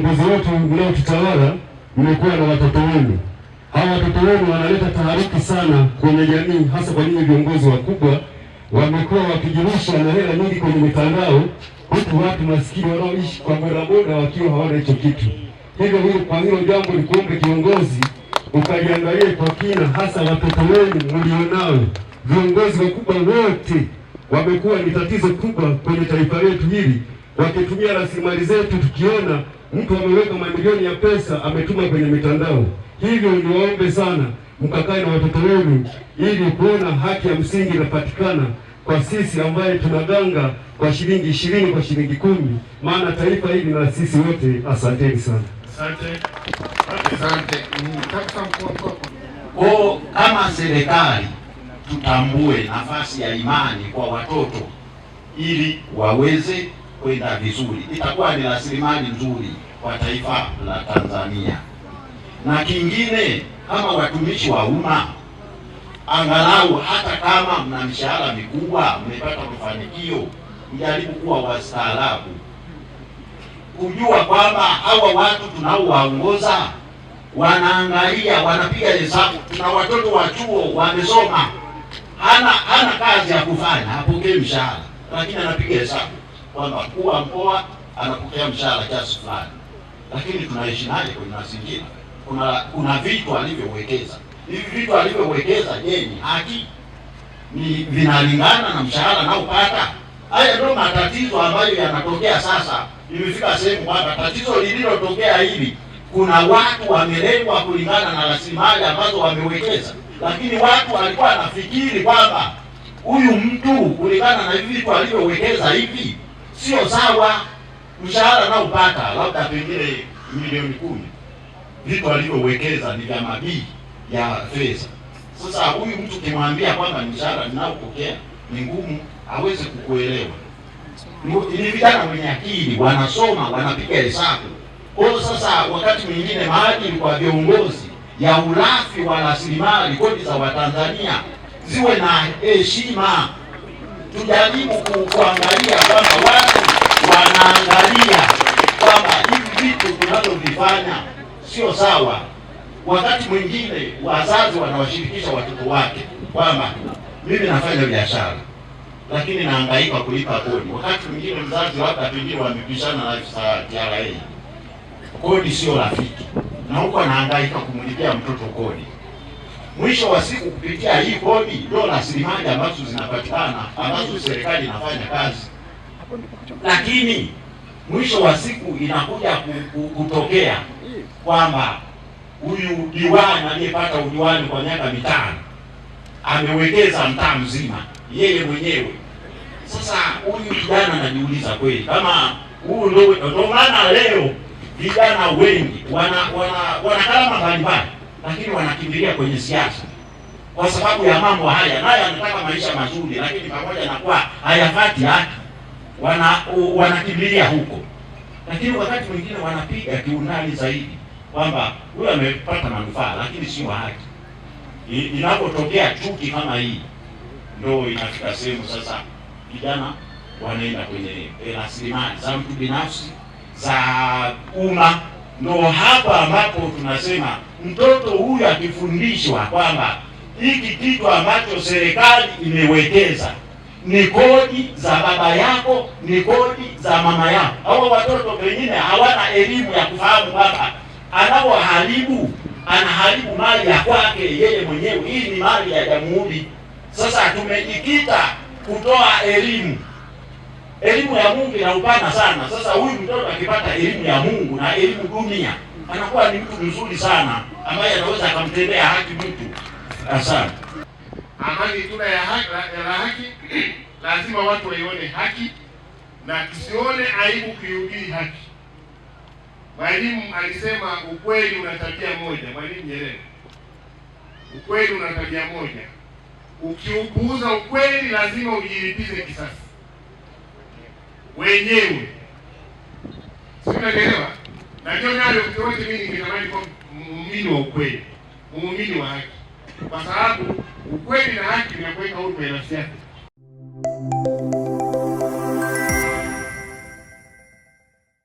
viongozi wetu mnaotutawala mmekuwa na watoto wenu. Hawa watoto wenu wanaleta taharuki sana kwenye jamii, hasa kwa nyinyi viongozi wakubwa. Wamekuwa wakijirusha na hela nyingi kwenye mitandao, huku watu maskini wanaoishi kwa bodaboda wakiwa hawana hicho kitu. Hivyo hiyo, kwa hiyo jambo ni kuombe kiongozi ukajiangalie kwa kina, hasa watoto wenu mlionao. Viongozi wakubwa wote wamekuwa ni tatizo kubwa kwenye taifa letu hili, wakitumia rasilimali zetu tukiona mtu ameweka mamilioni ya pesa ametuma kwenye mitandao. Hivyo niwaombe sana mkakae na watoto wenu ili kuona haki ya msingi inapatikana kwa sisi ambaye tunaganga kwa shilingi ishirini kwa shilingi kumi, maana taifa hili na sisi wote. Asanteni sana. Asante, asante. Mm, kama serikali tutambue nafasi ya imani kwa watoto ili waweze kwenda vizuri, itakuwa ni rasilimali nzuri kwa taifa la Tanzania. Na kingine, kama watumishi wa umma, angalau hata kama mna mishahara mikubwa, mmepata mafanikio, mjaribu kuwa wastaarabu, kujua kwamba hawa watu tunaowaongoza wanaangalia, wanapiga hesabu. Tuna watoto wa chuo wamesoma, hana hana kazi ya kufanya, hapokee mshahara, lakini anapiga hesabu kwamba mkuu wa mkoa anapokea mshahara kiasi fulani, lakini naye kwenye mazingira? Kuna kuna vitu alivyowekeza. Hivi vitu alivyowekeza, je, ni haki? Ni vinalingana na mshahara naopata? Haya ndio matatizo ambayo yanatokea sasa. Imefika sehemu kwamba tatizo lililotokea hili, kuna watu wamelengwa kulingana na rasilimali ambazo wamewekeza, lakini watu walikuwa nafikiri kwamba huyu mtu kulingana na hivi vitu alivyowekeza hivi sio sawa. Mshahara na upata labda pengine milioni kumi, vitu alivyowekeza ni vya mabii ya fedha. Sasa huyu mtu kimwambia kwamba mshahara ninaopokea ni ngumu, aweze kukuelewa. Ni vijana wenye akili, wanasoma, wanapiga hesabu. Kwa hiyo sasa, wakati mwingine maadili kwa viongozi ya urafi wa rasilimali kodi za Watanzania ziwe na heshima. Tujaribu kuangalia kwamba sio sawa. Wakati mwingine wazazi wanawashirikisha watoto wake kwamba mimi nafanya biashara lakini naangaika kulipa kodi. Wakati mwingine mzazi wake pengine wamepishana na TRA, kodi sio rafiki, na huko anaangaika kumlipia mtoto kodi. Mwisho wa siku, kupitia hii kodi ndio rasilimali ambazo zinapatikana ambazo serikali inafanya kazi, lakini mwisho wa siku inakuja kutokea kwamba huyu diwani aliyepata udiwani kwa miaka mitano amewekeza mtaa mzima yeye mwenyewe. Sasa huyu kijana anajiuliza kweli, kama huu ndio maana leo vijana wengi wana wana wanakalama mbalimbali, lakini wanakimbilia kwenye siasa kwa sababu ya mambo haya, naye anataka maisha mazuri, lakini pamoja na kuwa hayafati haki wana wanakimbilia huko, lakini wakati mwingine wanapiga kiundani zaidi kwamba huyo amepata manufaa lakini sio haki. Inapotokea chuki kama hii, ndo inafika sehemu sasa vijana wanaenda kwenye eh, rasilimali za mtu binafsi za umma. ndo hapa ambapo tunasema mtoto huyu akifundishwa kwamba hiki kitu ambacho serikali imewekeza ni kodi za baba yako, ni kodi za mama yako. Au watoto wengine hawana elimu ya kufahamu baba anapoharibu, anaharibu mali ya kwake yeye mwenyewe. Hii ni mali ya jamhuri. Sasa tumejikita kutoa elimu elimu ya Mungu ina upana sana. Sasa huyu mtoto akipata elimu ya Mungu na elimu dunia, anakuwa ni mtu mzuri sana ambaye anaweza akamtendea haki mtu. Asante amani tuna ya haki, la, la haki lazima watu waione haki na tusione aibu kuihubiri haki. Mwalimu alisema ukweli una tabia moja. Mwalimu Nyerere, ukweli una tabia moja, ukiupuuza ukweli lazima ujilipize kisasi wenyewe. Siunaelewa? na ndio nayo yote, mimi ningetamani kwa muumini wa ukweli, muumini wa haki, kwa sababu ukweli na haki vinakuweka huru kwa nafsi yako.